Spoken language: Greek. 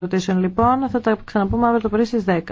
ερωτήσεων λοιπόν θα τα ξαναπούμε αύριο το πρωί στις 10.